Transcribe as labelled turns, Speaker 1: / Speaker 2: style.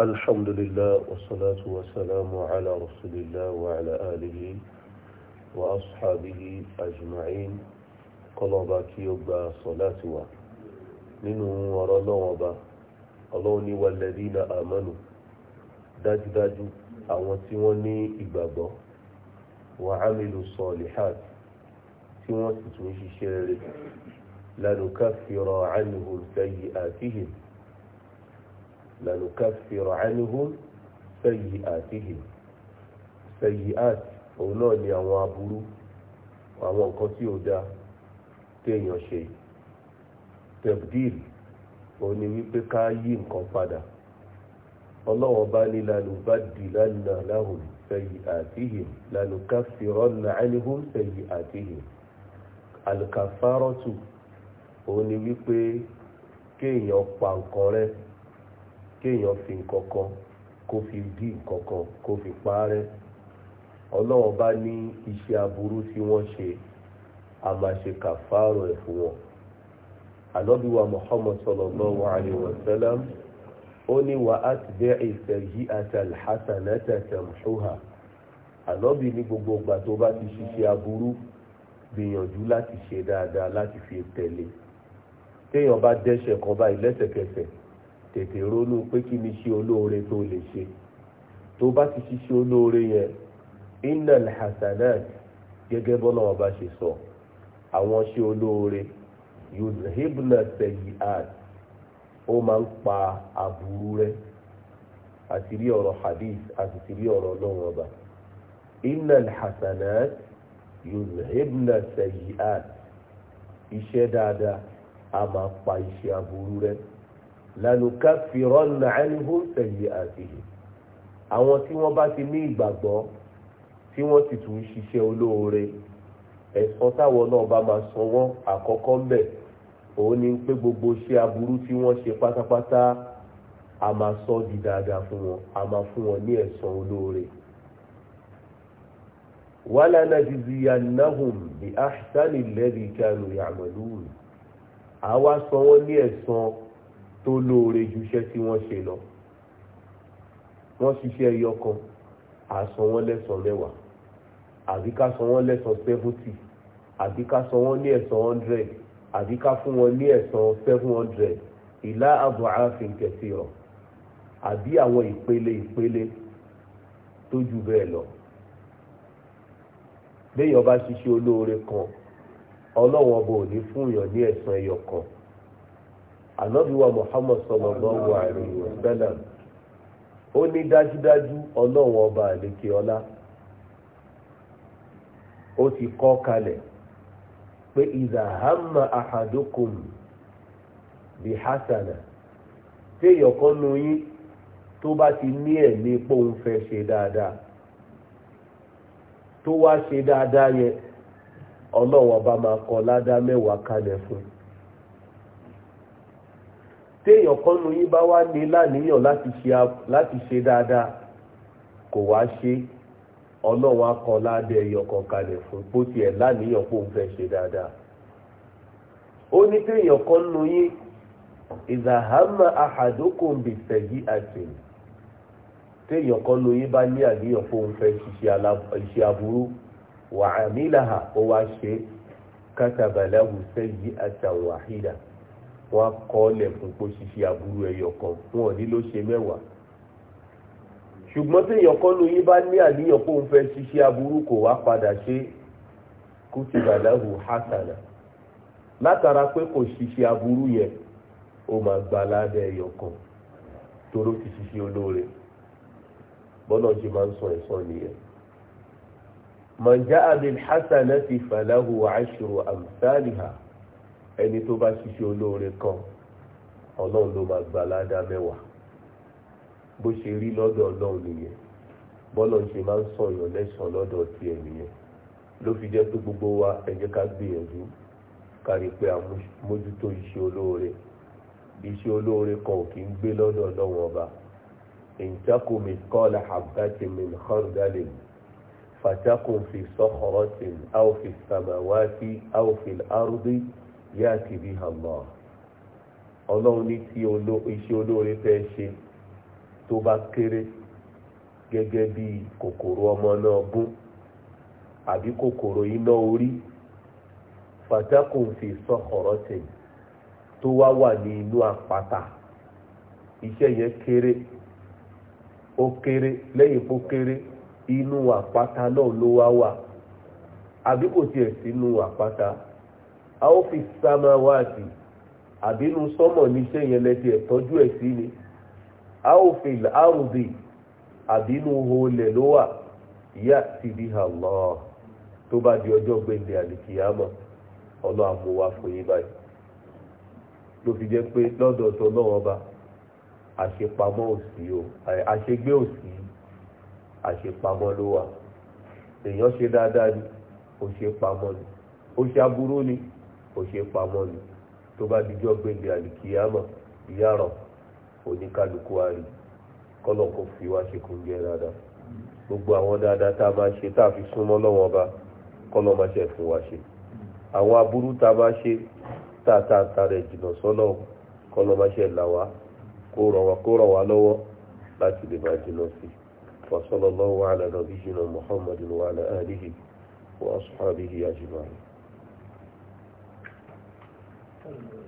Speaker 1: الحمد لله والصلاة والسلام على رسول الله وعلى آله وأصحابه أجمعين قلبا كيوبا صلاة و نينو ورا لوبا ọlọ́run ní wàlẹ́rí na àmọ́nù dájúdájú àwọn tí wọ́n ní ìgbàgbọ́ wà á mélòó sọ lìhàt tí wọ́n sì tún ṣiṣẹ́ rẹ̀ lánàá káfíọ̀rọ̀ ànihùn sẹ́yìn àtìhìn lanukaffira anhum sayyi'atihim sayyi'at òun náà ni àwọn aburú àwọn nǹkan tí ò dáa téèyàn ṣe tabdil òun ni wípé ká yí nǹkan padà ọlọ́wọ́n bá ní lanubaddilanna lahum sayyi'atihim lanukaffiranna anhum sayyi'atihim alkafaratu òun ni wípé kéèyàn pa nǹkan rẹ̀ kéèyàn fi nǹkan kan kó fi dí nǹkan kan kó fi parẹ́ ọlọ́run bá ní iṣẹ́ aburú tí wọ́n ṣe a máa ṣe kàfàrọ̀ ẹ̀ fún wọn ànábì muhammad sallallahu alayhi wa sallam ó ní wa atbi'i sayyi'ata alhasanata tamhuha ànábì ní gbogbo ìgbà tó bá ti ṣiṣẹ́ aburú gbìyànjú láti ṣe dáadáa láti fi tẹ̀lé téèyàn bá dẹ́ṣẹ̀ kan báyìí lẹ́sẹ̀kẹsẹ̀ tètè ronú pé kí ni ṣe olóore tó lè ṣe tó bá ti ṣiṣẹ́ olóore yẹn innal hasanat gẹ́gẹ́ bọ́lá ọba ṣe sọ àwọn ṣe olóore yudhibna sayyi'at ó máa ń pa aburú rẹ̀ àti rí ọ̀rọ̀ hadith àti ti rí ọ̀rọ̀ ọlọ́run ọba innal hasanat yudhibna sayyi'at iṣẹ́ dáadáa a máa pa iṣẹ́ aburú rẹ̀ lanukaffiranna anhum sayyi'atihim àwọn tí wọ́n bá ti ní ìgbàgbọ́ tí wọ́n ti tún ṣiṣẹ́ olóore ẹ̀san táwọn náà bá máa san wọ́n àkọ́kọ́ ń bẹ̀ òun ni pé gbogbo iṣẹ́ aburú tí wọ́n ṣe pátápátá a máa sọ di dáadáa fún wọn a máa fún wọn ní ẹ̀san olóore. wala najziyannahum bi ahsani alladhi kanu ya'malun àwa san wọ́n ní ẹ̀san tó lóore ju iṣẹ́ tí wọ́n ṣe lọ wọ́n ṣiṣẹ́ ẹyọ kan àsan wọn lẹ́san mẹ́wàá àbí ká san wọn lẹ́san seventy àbí ká san wọn ní ẹ̀san hundred àbí ká fún wọn ní ẹ̀san seven hundred ìlà àbọ̀ ààfin kẹsì rọ̀ àbí àwọn ìpele ìpele tó ju bẹ́ẹ̀ lọ béèyàn bá ṣiṣẹ́ olóore kan ọlọ́wọ́n bò ní fún yàn ní ẹ̀san ẹyọ kan. ànábìwá Muhammad sallallahu alaihi wasallam ó ní dájúdájú ọlọ́run ọba àlekè ọlá ó ti kọ́ kalẹ̀ pé idha hamma ahadukum bi hasana téèyàn kan nu yín tó bá ti ní ẹ̀mí póun fẹ́ ṣe dáadáa tó wá ṣe dáadáa yẹn ọlọ́run kọ ládá mẹ́wàá téèyàn kan nu yín bá wá ní láníyàn láti ṣe dáadáa kò wá ṣe ọlọ́run á kọ ládẹ́ ẹyọ kan kalẹ̀ fún bó tiẹ̀ láníyàn kó ń fẹ́ ṣe dáadáa ó ní téèyàn kan nu yín ìzàhámà àhàdókòǹbì fẹ̀yì àtìmí téèyàn kan ló yín bá ní àníyàn fóun fẹ́ ṣiṣẹ́ aburú wàhálà ó wá ṣe kátàbàlà hùsẹ́yì àtàwàhídà wọ́n á kọ́ ọ́lẹ̀ fún pé ṣíṣe aburú ẹyọ kan wọn ò ní ló ṣe mẹ́wàá ṣùgbọ́n téèyàn kan nu yín bá ní àníyàn pé òun fẹ́ ṣíṣe aburú kò wá padà ṣe kutiba lahu hasana látara pé kò ṣiṣẹ́ aburú yẹn ó máa gba aládé ẹyọ kan toró ti ṣiṣẹ́ olóore bọ́lá ṣe máa ń sọ ẹ̀sán nìyẹn. man ja'a bil hasanati falahu ashru amthaliha ẹni tó bá ṣiṣẹ́ olóore kan ọlọ́run ló máa gba ládá mẹ́wàá bó ṣe rí lọ́dọ̀ ọlọ́run nìyẹn bọ́lọ̀ ń ṣe máa ń sọ̀yàn lẹ́sàn lọ́dọ̀ ti ẹ̀ nìyẹn ló fi jẹ́ pé gbogbo wa ẹ ká gbìyànjú kárí pé a mójútó iṣẹ́ olóore iṣẹ́ olóore kan ò kí ń gbé lọ́dọ̀ ọlọ́run ọba ìjákòmí kọ́lá àbájẹ min khardalin fatakun fi sakhratin aw fi samawati aw fil ardi. yá ti bí Allah ọlọ́run ní tí iṣẹ́ olóore fẹ́ ṣe tó bá kéré gẹ́gẹ́ bí kòkòrò ọmọ náà gún àbí kòkòrò iná orí fatakùn sọ sọ̀kọ̀rọ̀ tẹ̀ tó wá wà ní inú àpáta iṣẹ́ yẹn kéré ó kéré lẹ́yìn pó kéré inú àpáta náà ló wá wà àbí kò tiẹ̀ sínú àpáta. Si aw fi samawati àbínú sọ́mọ̀ níṣẹ́ yẹn lẹ́tí ẹ̀ tọ́jú ẹ̀ sí ni aw fi ardi àbínú olè ló wà yá tó bá di ọjọ gbẹ̀ndẹ̀ àlìkìyàmọ̀ ọlọ́ àmúwá fún yín báyìí ló fi jẹ́ pé lọ́dọ̀ tó bá àṣepamọ́ òsì o àṣegbé òsì àṣepamọ́ ló wà èèyàn ṣe dáadáa ni ni ni o ṣe pamọ́ ni tó bá dijọ́ gbélé àlìkìyàmọ̀ ìyàrọ̀ oníkálukú àrí kọ́lọ̀ kò fi wá ṣe kò ń jẹ́ dáadáa gbogbo àwọn dáadáa tá a máa ṣe tá a fi súnmọ́ lọ́wọ́ ọba kọ́lọ̀ máa ṣe fún wa ṣe àwọn aburú tá a máa ṣe tá a ta ta rẹ̀ jìnnà sọ́nà kọ́lọ̀ máa ṣe là wá kó ràn wá lọ́wọ́ láti lè sí i wa ala wa ala Amen.